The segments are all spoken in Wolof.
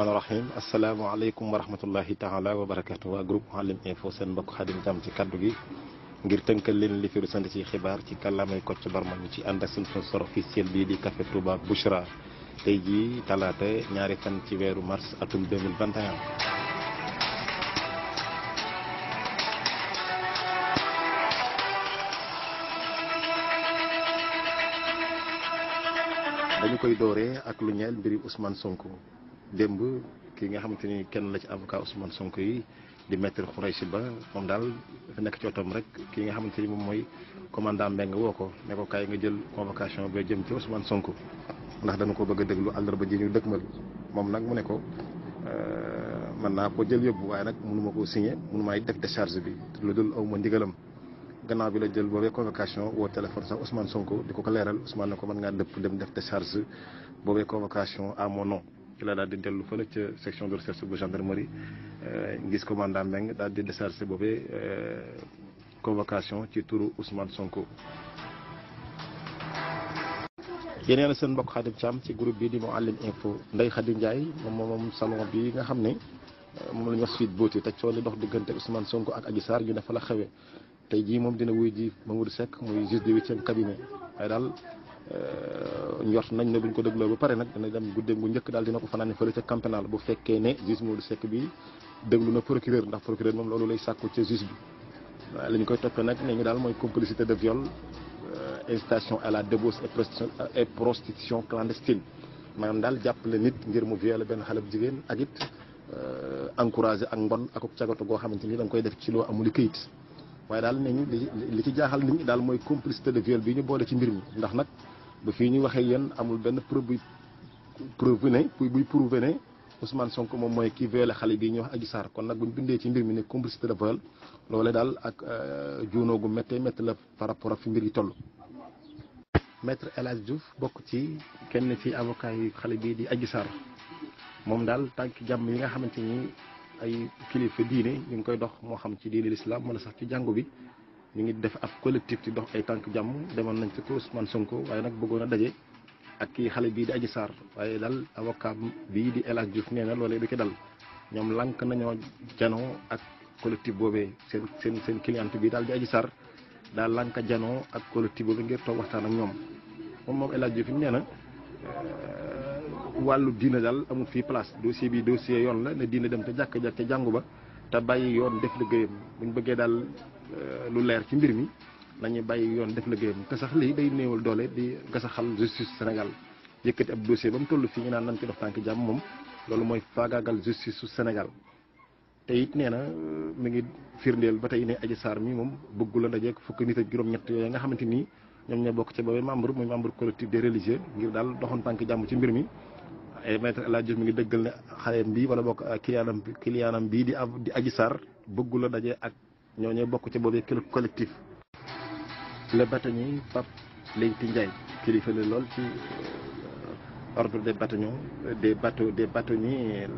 rahmaani rahim asalaamaaleykum wa rahmatullahi taala wa waa groupe Mouhalim info seen mbokk Xadim Thiam ci kaddu gi ngir tënkal leen li fi sant ci xibaar ci kàllaamay Kocc Barma ci ànd ak seen sponsor officiel bii di Café Touba ak Bouchra tey jii talaata ñaari fan ci weeru mars atum 2021 dañu lu ñeel mbiri démb ki nga xamante ni kenn la ci avocat Ousmane Sonko yi di maître Khoureychi Ba moom daal dafa nekk ci otom rek ki nga xamante ni moom mooy commandant Mbengue woo ko ne ko nga jël convocation ba jëm ci Ousmane Sonko ndax dana ko bëgg a déglu àllarba ji ñu dëkkmal moom nag mu ne ko euh, mën naa ko jël yóbbu waaye nag mënu ko koo signé mënu def décharge bi lu dul aw ma ndigalam gannaaw bi la jël boobee convocation woo téléphone sax Ousmane Sonko di ko ko leeral Ousmane ne ko mën ngaa dëpp dem def décharge boobee convocation à ci daal di dellu fële ca section de recherche bu gendarmerie euh, gis commandant Mbengue daal di décharger boobee euh, convocation ci turu Ousmane Sonko. yéen a seen mbokk Khadim Thiam ci groupe bi di Mouhalim Info Ndeye Khady Ndiaye moom moom salon bi nga xam ne euh, moom la ñu wax suite beauté te coow ndox dox diggante Ousmane Sonko ak Adji saar yu ne fa la xewee tey jii moom dina wuy ji Mamadou Seck muy juge de huitième cabinet waaye daal. Euh, njort nañ ne buñ ko dégloo ba pare nag dana dem guddeeg bu njëkk daal dina ko fanaane fële ca campenal bu fekkee ne juge Modou Seck bi déglu na procureur ndax procureur moom loolu lay sàkku ca juge bi waaye li ñu koy toppee nag ne ñu daal mooy complicité de viol euh, incitation à la débauche et prostitution clandestine maanaam daal jàppale nit ngir mu violé benn xale bu jigéen ak it euh, encouragé ak mbon ak cagatu goo xamante ni da koy def ci loo amul kayit waaye daal ne ñu li ci jaaxal nit ñi daal mooy complicité de viol bi ñu boole ci mbir mi ndax nag ba fii ñu waxee yéen amul benn preuve preuve ne buy prouver ne Ousmane sonk moom mooy kii violé xale bii ñuy wax Adji Sarr kon nag bu ñu bindee ci mbir mi ne complicité de viol loole daal ak euh, juunoo gu méttee métti la par rapport ak fi mbir yi toll. maître El Hadj Diouf bokk ci kenn ci avocat yu xale bii di Adji Sarr moom daal tànki jàmm yi nga xamante ni ay kilifa diine ñu ngi koy dox moo xam ci diine l'islam wala sax ci jàngu bi. ñu ngi def ab collectif ci dox ay tànk jàmm demoon nañ ci ko Ousmane Sonko waaye nag bëggoon a daje ak kii xale bii di Adji Sarr waaye daal avocat bii di El Hadj Diouf nee na loolee du ci dal ñoom lànk nañoo janoo ak collectif boobee seen seen seen client bi daal di Adji Sarr daal lànk janoo ak collectif boobee ngir toog waxtaan ak ñoom moom moom El Hadj Diouf nee na euh, wàllu diina daal amul fii place dossier bi dossier yoon la ne diina dem te jàkk ja te jàngu ba te bàyyi yoon def liggéeyam buñ lu leer ci mbir mi nañu bàyyi yoon def liggéeyam te sax lii day néewal doole di gasaxal justice Sénégal yëkkati ab dossier ba mu toll fii nga naan nañ ci dox tànk jàmm moom loolu mooy faagaagal justice su Sénégal te it nee na mi ngi firndeel ba tey ne Adji Sarr mi moom bëggu la ndajeek fukki nit ak juróom-ñett yooyu nga xamante ni ñoom ñoo bokk ci boobee membre muy membre collectif des religieux ngir daal doxoon tànk jàmm ci mbir mi ay maître El Hadj Diouf mi ngi dëggal ne xaleem bi wala bokk kiliyaanam kiliyaanam bii di di Adji Sarr bëggu la ak ñoo ñooy bokk ci boobee collectif le bâtonnier Pape Leyti Ndiaye kilifa la lool ci euh, ordre des bâtonniers des bateaux des bâtonniers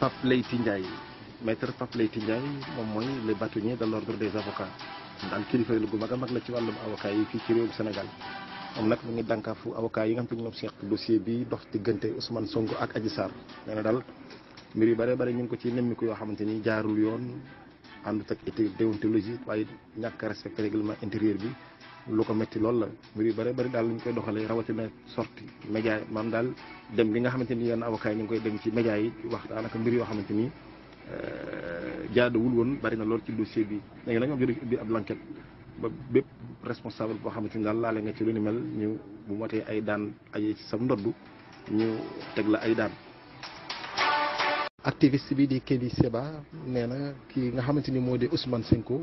Pape Leyti Ndiaye maître Pape Leyti Ndiaye moom mooy le bâtonnier de l'ordre des avocats daal kilifa la gu a mag la ci wàllum avocat yi fii ci réewum Sénégal moom nag mu ngi dànkaafu avocat yi nga xam te ñoom seq dossier bi dox diggante Ousmane Sonko ak Adji Sarr nee daal mbir yu bare bare ñu ngi ko ci nemmiku yoo xamante ni jaarul yoon àndut ak éthique déontologie waaye ñàkk a respecté règlement intérieur bi lu ko métti lool la mbir yu bare bëri daal lañ koy doxalee rawatina sorti média maam daal dem li nga xamante ni yenn avocat yi ñu ngi koy dem ci média yi wax daanaka mbir yoo xamante ni euh, jaaduwul woon bari na lool ci dossier bi léegi nag ñoom jëriñ ubbi ab ba responsable boo xamante ni daal laale nga ci lu ni mel ñu bu motee ay daan ay ci sam ñu teg la ay daan activist bii di Kédi Seba nee na kii nga xamante ni moo di Ousmane Sonko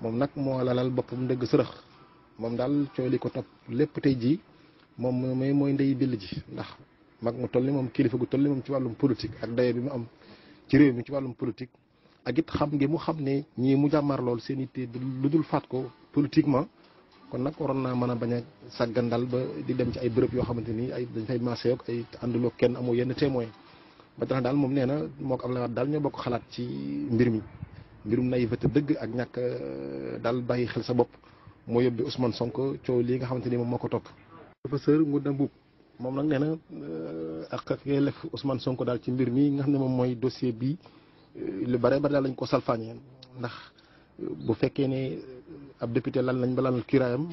moom nag moo lalal boppam ndëgg sërëx moom daal coow li ko topp lépp tey jii moom mooy mooy ndey bill ji ndax mag mu toll ni moom kilifa gu toll ni moom ci wàllum politique ak daye bi mu am ci réew mi ci wàllum politique ak it xam ngi mu xam ne ñi mu jàmmaar lool seen itte lu dul faat ko politiquement kon nag waroon naa mën a bañ a daal ba di dem ci ay bërëb yoo xamante ni ay dañ fay marché ak ay ànduloo kenn amoo yenn témoin ba tax daal moom nee na moo ko Abdoulaye Wade ñoo bokk xalaat ci mbir mi mbirum naïveté dëgg ak ñakk euh, daal bàyyi xel sa bopp moo yóbbee Ousmane sonk coow lii nga xamante ni moom moo ko topp professeur Ngouda Mboup moom nag nee na euh, ak ak yelleef Ousmane Sonko daal ci mbir mi nga xam ne moom mooy dossier bii lu bare bari daal lañ ko salfaañee ndax bu fekkee ne ab député lan lañ ba lanal kiraayam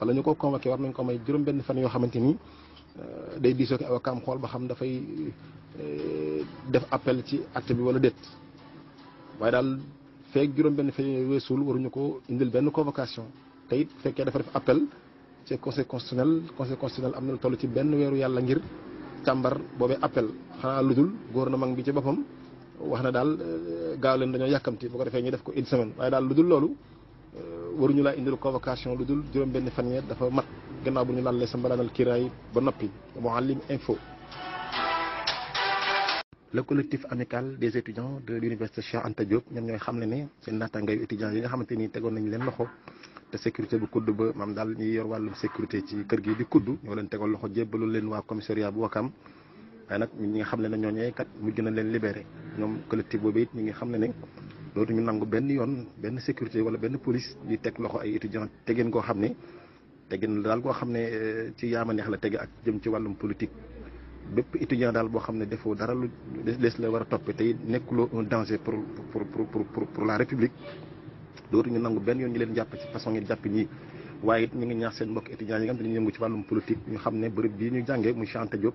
wala ñu ko convoqué war nañ ko may juróom benn fan yoo xamante ni euh, day diisoo ki avocat am xool ba xam dafay euh, def appel ci acte bi wala déet waaye daal feek juróom benn fan yooyu weesul waruñu ko indil benn convocation tey it fekkee dafa def appel ci conseil constitutionnel conseil constitutionnel am na lu toll ci benn weeru yàlla ngir càmbar boobee appel xanaa ludul gouvernement bi ci boppam wax na daal gaaw leen dañoo yàkkamti bu ko defee ñu def ko une semaine waaye daal lu dul loolu waruñu laa indil convocation lu dul juróom-benn fan yee dafa mat gannaaw bu ñu laalee sa mbalaanal kiiraay ba noppi Mouhalim Info. le collectif amical des étudiants de l'université Cheikh Anta Diop ñoom ñooy xam ne seen naataangayu étudiants yi nga xamante ni tegoon nañu leen loxo te sécurité bu kudd ba maam daal ñuy yor wàllum sécurité ci kër gi di kudd ñoo leen tegoon loxo jébbalu leen waa commissariat bu Wakam waaye nag ñi nga xam ne ne ñooñee kat mujj na leen libéré ñoom collectif boobu it ñu ngi xam ne na loolu ñu nangu benn yoon benn sécurité wala benn police di teg loxo ay étudiants tegin koo xam ne gën daal goo xam ne euh, ci yaama neex la teg ak jëm ci wàllum politique bépp étudiant daal boo xam ne defoo dara lu des la war a toppee tey nekkuloo un danger pour pour pour pour la république loolu ñu nangu benn yoon ñu leen jàpp ci façon ngeen jàpp ñii waaye it ñu ngi ñaax seen mbokk étudiants yi nga xam dañuy yëngu ci wàllum politique ñu ne bërëb bii ñu jàngee muy Cheikh Anta Diop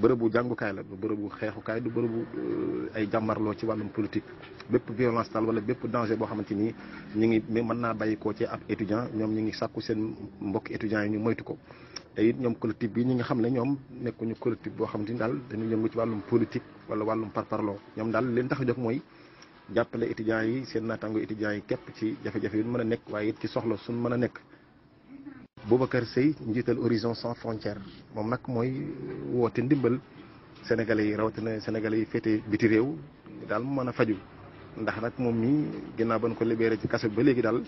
bërëbu jàngukaay la du bërëbu xeexukaay du bërëbu euh, ay jàmbarloo ci wàllum politique bépp violence daal wala bépp danger boo xamante ni ñu ngi mën naa bàyyi koo ci ab étudiant ñoom ñu ngi sàkku seen mbokk étudiants yi ñu moytu ko te it ñoom collectif bi ñi nga xam ne ñoom nekkuñu collectif boo xamante ni daal dañuy yëngu ci wàllum politique wala wàllum parparloo ñoom daal leen tax a jóg mooy jàppale étudiants yi seen naataango étudiants yi képp ci jafe-jafe yu mën a nekk waaye it ci soxla suñ mën a Boubacar Seye njiital Horizon sans frontières moom nag mooy woote ndimbal sénégalais yi rawatina sénégalais yi féete biti réew daal mu mën a faju ndax nag moom mii ginnaaw ba ñu ko libéré ci kaso bi ba léegi daal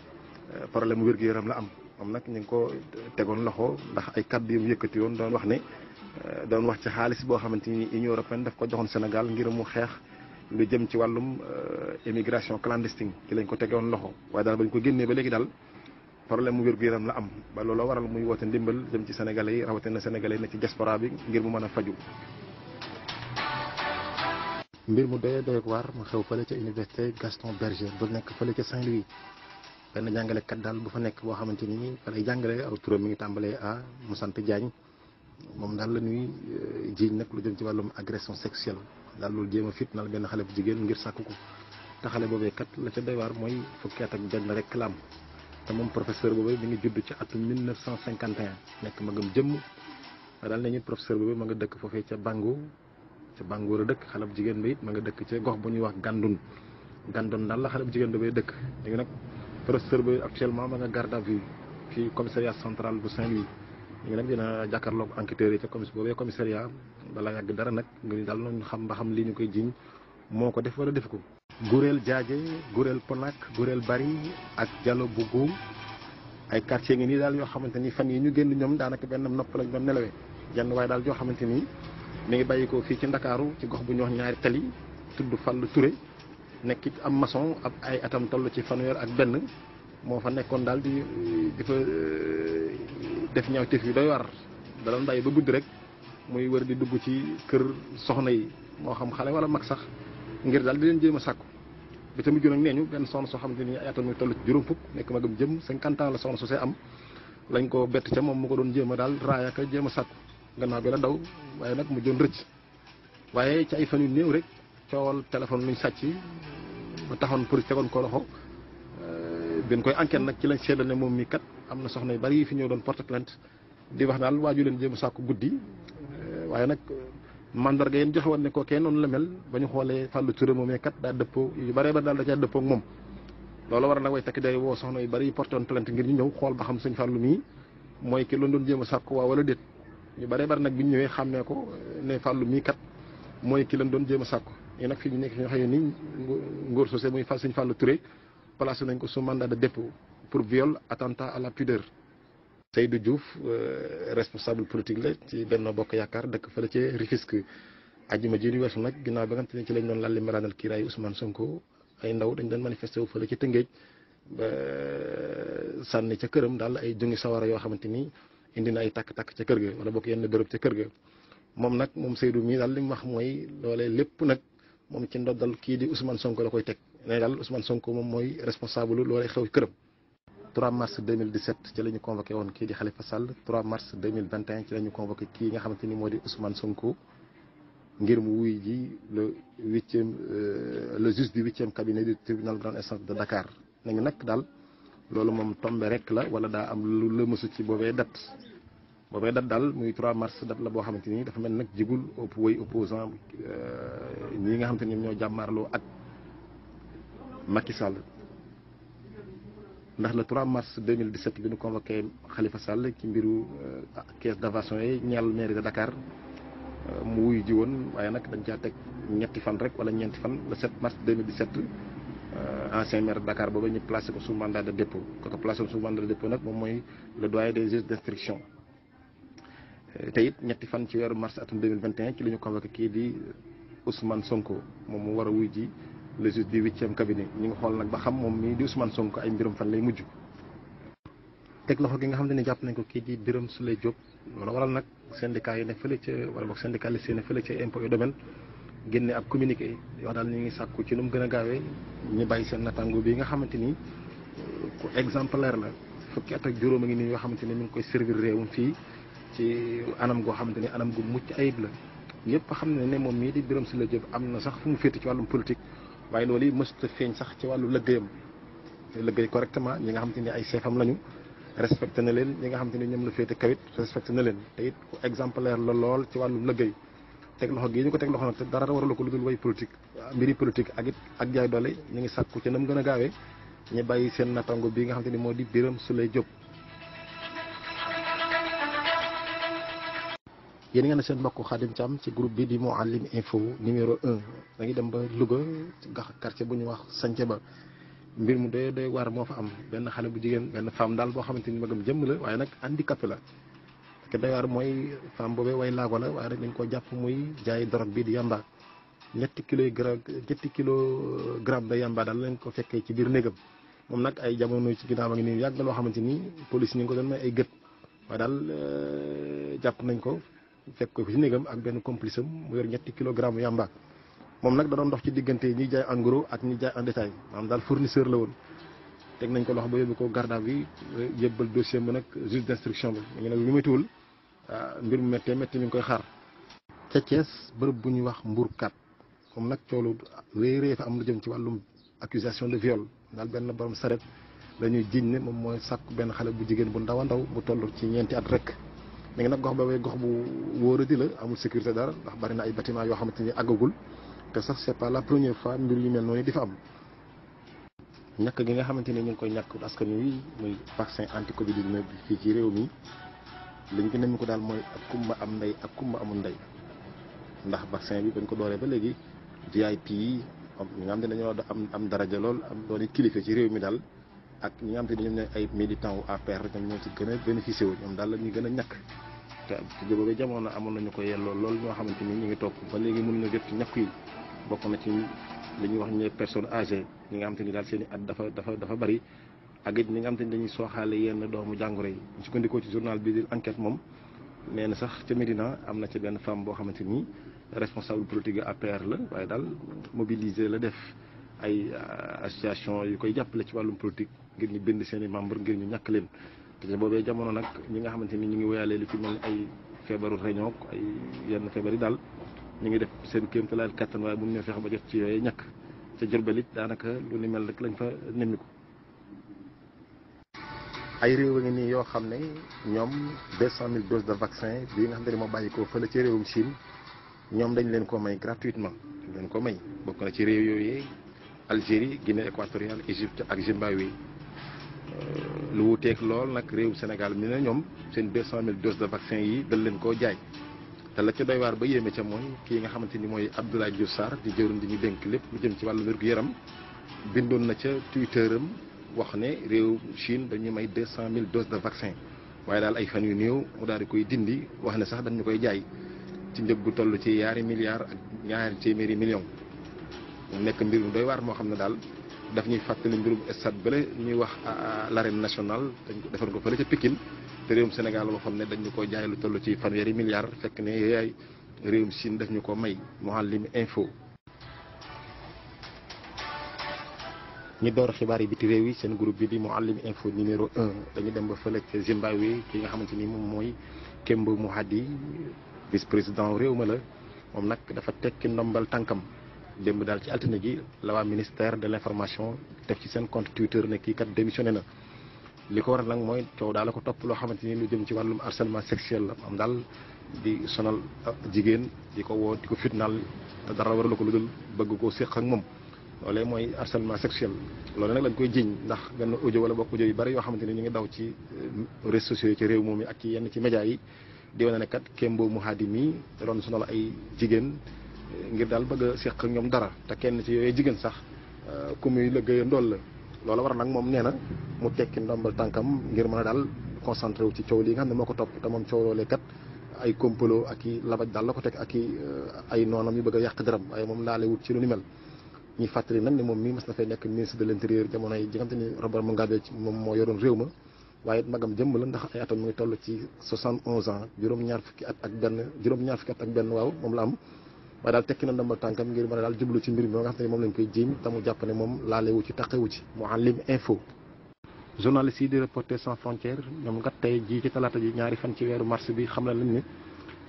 euh, problème mu wér-gu-yaram la am moom nag ñu ngi ko tegoon loxo ndax ay kadd yu mu yëkkati woon doon wax ne euh, doon wax ci xaalis boo xamante ni Union européenne daf ko joxoon Sénégal ngir mu xeex lu jëm ci wàllum immigration euh, clandestine ci lañ ko tegoon loxo waaye daal bañ ko génnee ba léegi daal. problème mu wér-gu-yaram la am ba loolu waral muy woote ndimbal jëm ci sénégalais yi rawatina sénégalais yi ne ci diaspora bi ngir mu mën a faju mbir mu doyee doyek waar mu xew fële ca université Gaston Berger bu nekk fële ca Saint-Louis benn jàngalekat daal bu fa nekk boo xamante ni fa lay jàngale aw turam mi ngi tàmbalee a mu sant Diagne moom daal la ñuy euh, jiiñ nag lu jëm ci wàllum agression sexuelle daal loolu jéem a fitnaal benn xale bu jigéen ngir sàkk ko te xale boobee kat la ca doy waar mooy fukki at ak benn rek la te moom professeur boobu mi ngi judd ci atum 1951 nekk magam jëmm daal nañu professeur boobu ma nga dëkk foofee ca Bango ca Bango la dëkk xale bu jigéen ba it ma nga dëkk ca gox bu ñuy wax Gandun Gandun daal la xale bu jigéen ba bay dëkk léegi nag professeur boobu actuellement ma nga garde à vue fii commissariat central bu Saint-Louis ñu ngi nag dina jàkkaarloog enquêteurs yi ca commis boobee commissariat balaa yàgg dara nag ngir daal nañu xam ba xam lii ñu koy jiiñ moo ko def wala def ko. Gurel Jaaje Gurel Ponak Gurel Bari ak Jalo bu Guum ay quartier ngi nii daal yoo xamante ni fan yi ñu génn ñoom daanaka benn nopp lañ doon nelawee jenn waaye daal yoo xamante ni mi ngi bàyyikoo fii ci Ndakaaru ci gox bu ñu wax ñaari tali tudd Fallou ture nekk am maçon ab ay atam toll ci fanweer ak benn moo fa nekkoon daal di di fa euh, def ñaaw tëf yu doy war da doon bàyyi ba guddi rek muy wër di dugg ci kër soxna yi moo xam xale wala mag sax ngir daal di leen jéem a sàkku bi tamit juróom nee ñu benn soxna soo xamante ni ay atam juróom fukk nekk magam jëm cinquante ans la soxna su see am lañ ko bett ca moom mu ko doon jéem daal raaya ka jéem a sàkku gannaaw bi la daw waaye nag mu joon rëcc ay fan yu néew rek coowal téléphone luñ sàcc ba taxoon pour tegoon ko loxo euh, bin koy enquête nag ci lañ seetal ne moom mii kat am na soxna yu bari fi ñëw doon porte plainte di wax daal waaju leen jéem a sàkku guddi euh, waaye nag mandarga yéen joxe woon ne ko kenn noonu la mel ba ñu xoolee Fallou Touré moomee kat daa dëppoo yu bëree ba daal da caa moom loolu war a nag way takk day woo soxna yu bëri yu porté woon plainte ngir ñu ñëw xool mooy ki loon doon jéem a sàkku waa wala déet ñu bëree bari nag bi ñu ñëwee xàmmee ko ne Fallou mii kat mooy ki leen doon jéem a sàkku yi nag fii ñu nekk fi ñu xëyee nii ngóor sosé muy fa sëñ Fallou Touré placé nañ ko sous mandat de pour viol attentat a la pudeur Seydou Diouf euh, responsable politique la ci Benno Bokk Yaakaar dëkk fële ci Rufisque ajjuma ji ñu weesu nag ginnaaw ba nga ne ci lañ doon lalli maraanal kiiraayu Ousmane Sonko ay ndaw dañ doon manifesté wu fële ci Tëngéej ba euh, sànni ca këram daal ay jungi sawara yoo xamante ni indi na ay takk-takk ca kër ga wala bokk yenn bërëb ca kër ga moom nag moom Seydou mii daal li mu wax mooy loole lépp nag moom ci ndoddal kii di Ousmane Sonko la koy teg ne daal Ousmane Sonko moom mooy responsable loolee xew këram 3 mars 2017 ci la ñu convoqué woon kii di Khalifa Sall 3 mars 2021 ci la ñu kii nga xamante moo di Ousmane Sonko ngir mu wuy ji le huitième euh, le juge du huitième cabinet du tribunal grande instance de Dakar nañu nag daal loolu moom tombe rek la wala daa am lu lëmasu ci boobee dat boobee date daal muy 3 mars date la boo xamante ni dafa mel nag jigul ëpp way opposant euh, ñi nga xamante ni ñoo jàmmaarloo ak Macky ndax le 3 mars 2017 bi ñu convoqué Khalifa Sall ci mbiru euh, ah, caisse d'avancement yi ñeel mairie de Dakar euh, mu wuyu ji woon waaye nag dañ caa teg ñetti fan rek wala ñeenti fan le 7 mars 2017 euh, ancien maire de Dakar booba ñu ko sous mandat de dépôt ko ko placé sous mandat de dépôt nag moom mooy le doyen des juges d'instruction te ñetti fan ci weeru mars atum 2021 ci la ñu convoqué kii di Ousmane Sonko moom mu war a ji le juge du huitième cabinet ñu ngi xool nag ba xam moom mii di Ousmane Sonko ay mbiram fan lay mujj teg loxo gi nga xam ne jàpp nañ ko kii di Birame Souleye Diop wala waral nag syndicat yi ne fële wala boog syndicaliste yi ne fële ca impôt et domaine génne communiqué yoo ñu ngi sàkku ci nu mu gën a gaawee ñu bàyyi seen natango bi nga xamante ni ku exemplaire la fukki at ak juróom a ngi nii yoo xamante ni mi ngi koy servir réewum fii ci anam goo xamante ni anam gu mucc ayib la ñëpp xam ne ne moom mii di Birame Souleye Diop am na sax fu mu féete ci wàllum politique waaye loolu yi mësut feeñ sax ci wàllu lëggéeyam te lëggéey correctement ñi nga xam te ni ay seefam lañu respecté na leen ñi nga xam te ni ñoom la féete kawit respecté na leen te it ku exemplaire la lool ci wàllu lëggéey teg loxo gi ñu ko teg loxo nag te dara waralu ko lu dul way politique mbiri politique ak it ak jaay doole ñu ngi sàkku ci nam gën a gaawee ñu bàyyi seen nattango bi nga xam te ni moo di Birame Souleye Diop yéen ngeen seen mbokk Khadim Thiam ci groupe bi di Mouhalim info numéro un da ngi dem ba Louga gax quartier bu ñu wax sance ba mbir mu doy doy waar moo fa am benn xale bu jigéen benn femme daal boo xamante ni magam jëmm la waaye nag handicapé la parce que waar mooy femme boobee way laago la waaye nag dañ ko jàpp muy jaay drogue bi di yamba ñetti kilo gra ñetti kilo gramme de yamba daal lañ ko fekkee ci biir néegam moom nag ay jamono ci ginnaaw a ngi nii yàgg loo xamante ni police ñu ngi ko doon may ay gët waaye daal euh, jàpp nañ ko fekk ko fi si néegam ak benn complice am mu yor ñetti kilogramme yàmbaak moom nag da doon dox ci diggante ñiy jaay en gros ak ñiy jaay en détail maanaam daal fournisseur la woon teg nañ ko loxo ba yóbbu ko garda bi yëbbal dossier bi nag juge d'instruction bi ñu nag bi méttiwul ah, mbir mu méttee métti mi ngi koy xaar ca Thiès bërëb bu ñuy wax kaat moom nag coolu réy réy fa am lu jëm ci wàllum accusation de viol daal benn borom saret dañuy jiiñ ne moom mooy sàkk benn xale bu jigéen bu ndaw a ndaw bu toll ci ñeenti at rek léegi nag gox ba boobee gox bu wóoradi la amul sécurité dara ndax bari na ay bâtiment yoo xamante ni àggagul te sax c'est pas la première fois mbir yu mel noonu di fa am. ñàkk gi nga xamante ni ñu ngi koy ñàkk askan wi muy vaccin anti Covid bi fii ci réew mi liñ ko nemmi ko daal mooy ak kumba am ndey ak kumba amul ndey ndax vaccin bi bañ ko dooree ba léegi VIP yi ñi nga xam ne dañoo am am daraja lool am doon kilifa ci réew mi daal. ak ñi nga xam te ne ñoom ñooy ay militants wu APR ñoom wu ñoom daal la ñuy gën a ñàkk te boobu jamono amoon nañu ko yelloo lool ñoo xamante ni ñu ngi toog ba léegi mënu ñu jot ci ñàkk yi bokk na ci li ñuy wax ñu personne âgée ñi nga xamante ni daal seen i at dafa dafa dafa bari ak it ñi nga xamante ni dañuy sooxaale yenn doomu jàngoro yi sukkandikoo ci journal bi di enquête moom nee na sax ca Médina am na ci benn femme boo xamante ni responsable politique APR la waaye daal mobiliser la def ay association yu koy jàppale ci wàllum politique ngir ñu bind seen i membre ngir ñu ñàkk leen te boobee jamono nag ñi nga xamante ni ñu ngi woyalee li fi mel ay feebaru réñook ay yenn feebar yi daal ñu ngi def seen kéemtalaay kattan waaye mun ñoo fexe ba jot ci yooyu ñàkk ca Jurbel it daanaka lu ni mel rek lañ fa nemmiku. ay réew a ngi nii yoo xam ne ñoom deux cent mille doses de vaccin bii nga xam ne moo bàyyi ko fële ci réewum Chine ñoom dañ leen ko may gratuitement dañ leen ko may bokk na ci réew yooyu Algérie Guinée équatoriale Égypte ak Zimbabwe. lu wuteeg lool nag réew Sénégal mi ne ñoom seen deux cent mille doses de vaccin yi dal leen koo jaay te la ca doy waar ba yéeme ca mooy kii nga xamante ni mooy Abdoulaye Diouf Sarr di jëwriñ di ñu dénk lépp lu jëm ci wàllu wér-gu-yaram bindoon na ca Twitter am wax ne réew Chine dañu may deux cent mille doses de vaccin waaye daal ay fan yu néew mu daal di koy dindi wax ne sax dañu koy jaay ci njëggu toll ci yaari milliards ak ñaari téeméeri millions mu nekk mbir mu doy waar moo xam ne daal daf ñuy fàttali mbirum estate bële ñuy wax euh, euh, l'arène nationale dañ ko defoon ko fële ca Pikine te réewum Sénégal boo xam ne dañu ko jaay lu toll ci fanweeri milliards fekk ne yaay réewum Chine daf ñu ko may Mouhalim Info. ñu door xibaar yi biti réew yi seen groupe bi di Mouhalim Info numéro un dañu dem ba fële ca Zimbabwe ki nga xamante ni moom mooy mu Mohadi vice président réew ma la moom nag dafa tekki ndombal tànkam. démb daal ci altine ji la waa ministère de l'information def ci seen compte Twitter ne kii kat démissionné na li ko waral nag mooy coow daal la ko topp loo xamante ni lu jëm ci wàllum harcèlement sexuel la am daal di sonal jigéen di ko woo di ko fitnaal te dara waral ko lu bëgg koo séq ak moom loolee mooy harcèlement sexuel loolu nag lañ koy jiñ ndax benn audio wala bokk audio yu bari yoo xamante ni ñu ngi daw ci euh, réseaux ci réew moom yi ak ci yenn ci médias yi di wane ne kat Kembo Mouhadi mii doon sonal ay jigéen ngir daal bëgg a ñoom dara te kenn ci yooyu jigéen sax euh, ku muy liggéeya ndool la loola war nag moom nee na mu tekki ndombal tànkam ngir mën a daal concentré wu ci coow lii nga xam ne moo ko topp te moom coow loolee kat ay complot ak i labaj daal la ko teg ak i euh, ay noonam yu bëgg a yàq dërëm waaye moom laale wut ci lu ni mel ñuy fàttali nag ne moom mii mas na fay nekk ministre yi nga xam ne Robert Mugabe moom moo yoroon réew ma waaye it magam ndax ay mu ngi toll ci 71 ans juróom-ñaar fukki at ak benn juróom-ñaar fukki at benn waaw moom la am waaye daal tekki na ndambal tànkam ngir mën a daal jublu ci mbir mi ba nga xam ne moom lañ koy jiiñ te mu jàpp ne moom laalewu ci taqewu ci Mouhalim Info journaliste yi di Reporters sans frontières ñoom nga tey jii ci talaata ji ñaari fan ci weeru mars bi xam nañ ne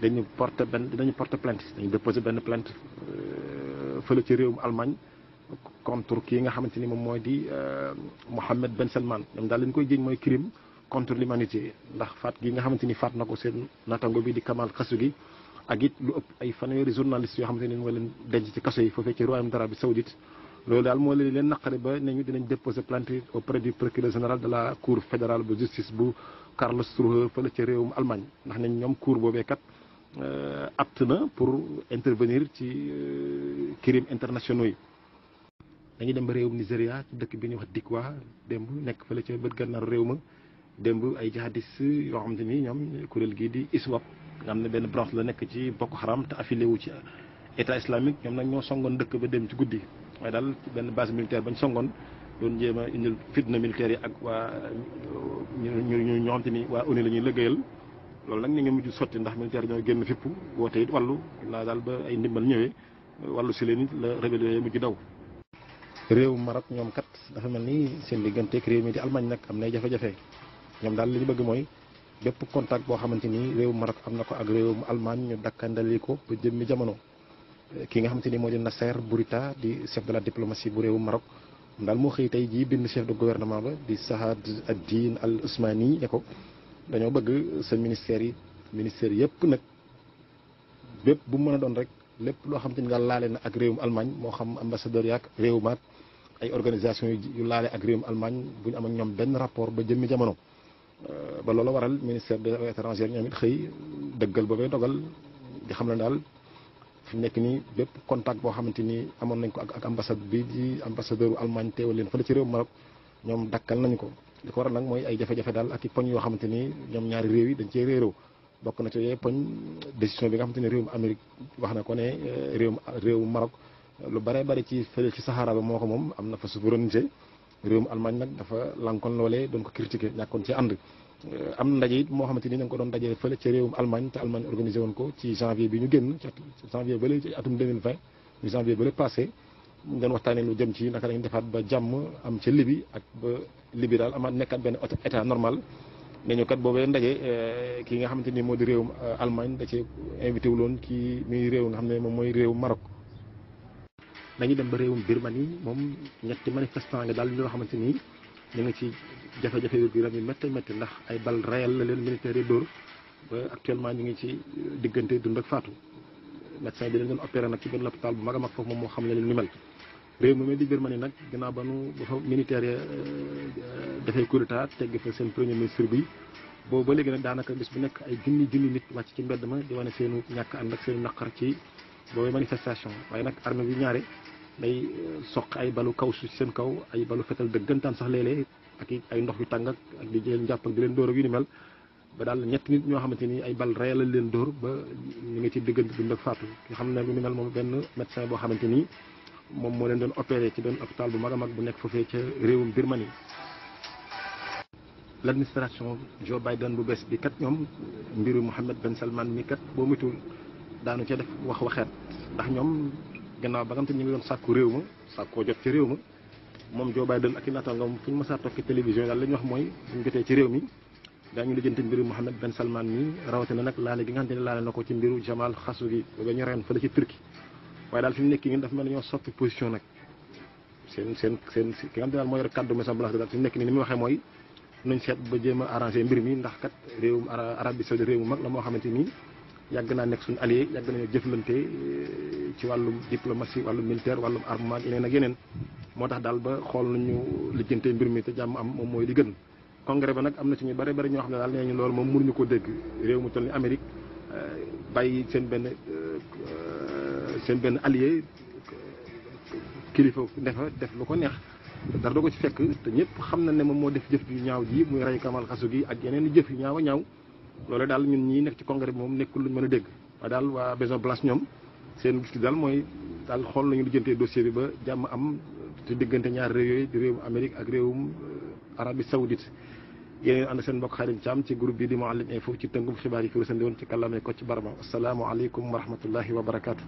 dañu porte benn dañu porté plainte dañu déposé benn plainte euh, fële ci réewum Allemagne contre kii nga xamante ni moom mooy di euh, Mohammed Ben Salman ñoom daal li ñu koy jiiñ mooy crime contre l'humanité ndax faat gi nga xamante ni faat na ko seen natango bi di Kamal Khashoggi ak it lu ëpp ay fanweeri journaliste yoo xamante ne moo leen denc ci kaso yi foofee ci royaume d'Arabie saoudite loolu daal moo leen leen naqari ba ne ñu dinañ déposer plainte auprès du procureur général de la cour fédérale de justice bu Karlsruhe Struhe fële ca réewum Allemagne ndax nañ ñoom cour boobee kat euh, na pour intervenir ci euh, crimes internationaux yi. dañuy dem ba réewum Nigéria ci dëkk bi ñuy wax Dikwa démb nekk fële ci bët gànnaaru réew ma démb ay jihadistes yoo xamante ni ñoom kuréel gii di ISWAP. nga xam ne benn branche la nekk ci Boko Haram te affilié wu ci état islamique ñoom nag ñoo songoon dëkk ba dem ci guddi waaye daal benn base militaire bañ songoon doon jéem a indil fitna militaire yi ak waa ñu ñu ñoo ni waa ONU la ñuy liggéeyal loolu nag ni nga mujj sotti ndax militaire ñoo génn fippu woote it wàllu naa daal ba ay ndimbal ñëwee wàllu si leen it la rebelle yooyu mujj daw réew Maroc ñoom kat dafa mel ni seen digganteeg réew mi di Allemagne nag am nay jafe-jafe ñoom daal li ñu bëgg mooy bépp contact boo xamante ni réew Maroc am na ko ak réewum Allemagne ñu dakkandali ko ba jëmmi jamono ki nga xamante ni moo di Nasser Bourita di chef de la diplomatie bu réewum Maroc daal moo xëy tey jii bind chef de gouvernement ba di Saad ad-Din Al Ousmani ne ko dañoo bëgg sa ministère yi ministère yëpp nag bépp bu mën a doon rek lépp loo xamante ni daal laale na ak réewum Allemagne moo xam ambassadeur yaak réew maak ay organisation yu laale ak réewum Allemagne bu am ñoom benn rapport ba jëmmi jamono. Euh, ba loolu waral ministère de affaires étrangères ñoom it xëy dëggal boobee dogal di xam ne daal fi nekk nii bépp contact boo xamante ni amoon nañ ko ak ak ambassade bi di ambassadeur bu Allemagne teewal leen fële ci réew Maroc ñoom dakkal nañ ko. li ko waral nag mooy ay jafe-jafe daal ak i poñ yoo xamante ni ñoom ñaari réew yi dañ cee réeroo bokk na ci yooyu poñ décision bi nga xamante ni réewum Amérique wax na ko ne euh, réewum réewu Maroc lu bare bare ci fële ci Sahara ba moo ko moom am na fa souveraineté. réewum Allemagne nag dafa lankoon loole doon ko critiqué ñàkkoon ci ànd euh, am ndaje it moo xamante ni da ko doon dajee fële ca réewum Allemagne te Allemagne organisé woon ko ci janvier bi ñu génn ci janvier bële ci atum 2020 ñu janvier bële passé doon waxtaanee lu jëm ci naka lañ defaat ba jàmm am ca Libye ak libiral Libye daal amaat nekkaat benn état normal ne ñu kat boobee ndaje euh, ki nga xamante ni moo di réewum euh, Allemagne da cee invité wu loon kii muy réew nga xam ne moom mooy réew Maroc dañu dem ba réewum Birmanie moom ñetti manifestant nga daal ñoo xamante ni ñu ngi ci jafe-jafe gu mi yu métti ndax ay bal réel la leen militaire yi dóor ba actuellement ñu ngi ci diggante dund ak faatu médecin bi leen doon opéré nag ci benn hôpital bu mag a mag foofu moom moo xam ne leen ni mel réew mi di Birmanie nag ginnaaw ba nu ba fa militaire ya euh, dafay coup d'état tegg fa seen premier ministre bi boobu ba léegi nag daanaka bis bu nekk ay junni junni nit wàcc ci mbedd ma di wane seenu ñàkk ànd ak seenu ci boobu manifestation waaye nag armée bi ñaare day euh, soq ay balu kaw su seen kaw ay balu fetal dëggantaan sax léeg ak ak ay ndox yu tàng ak di jël njàpp ak di leen dóor ak yu ni mel ba daal ñett nit ñoo xamante ni ay bal réel lañ leen dóor ba ñu ngi ci diggante dund ak faatu nga xam ne lu ni mel moom benn médecin boo xamante ni moom moo leen doon opéré ci benn hôpital bu mag a mag bu nekk foofee ca réewum Birmanie. l' administration Joe Biden bu bees bi kat ñoom mbiru Mohammed Ben Salman mi kat boo mutul daanu ca def wax waxeet ndax ñoom gannaaw ba nga xam te ñu ngi doon sàkku réew ma sàkkoo jot ci réew ma moom Joe Biden ak i naataangoom fu ñu mës a toog ci télévision daal li ñu wax mooy suñ jotee ci réew mi daañu lijjanti mbiru Mohammed Ben Salman mi rawatina nag laale gi nga xam na ko ci mbiru Jamal Khashoggi ba ñu reyoon fële ci Turquie waaye daal fi mu nekk nii dafa mel ne ñoo soppi position nag seen seen seen ki nga xam te daal moo yor kàddu Maison Blanche daal fi mu nekk nii ni muy waxee mooy nañ seet ba jéem a arrangé mbir mi ndax kat réewum Arabie Saoudite réew mu mag la moo xamante nii yàgg naa nekk suñu allié yàgg nañoo jëflante eh, ci wàllum diplomatie wàllum militaire wàllum armement ak yeneen ak yeneen moo tax daal ba xool ñu lijjante mbir mi te jàmm am moom mooy li gën congrès ba nag am na ci ñu bëri bëri ñoo xam ne daal nee ñu loolu moom mënuñu ko dégg réew mu toll ni Amérique eh, bàyyi seen benn eh, seen benn allié kilifa ne def lu ko neex dara doo ko ci fekk te ñëpp xam na ne moom moo def jëf yu ñaaw ji muy rey Kamal Khashogi gi ak yeneen jëf yu ñaaw a ñaaw loole daal ñun ñii nekk ci congrès bi moom nekkul luñ mën a dégg waaye daal waa Maison Blanche ñoom seen gis-gis daal mooy daal xool nañu lijjantee dossier bi ba jàmm am te diggante ñaari réew yooyu di réewum Amérique ak réewum euh, Arabie Saoudite yéen ànd seen mbokk Xaadim Caam ci groupe bi di Mouhalim Info ci tëngum xibaar yi fi wasandi ci kàllaamay ko ci barama asalaamaaleykum wa rahmatullahi wa barakaatu.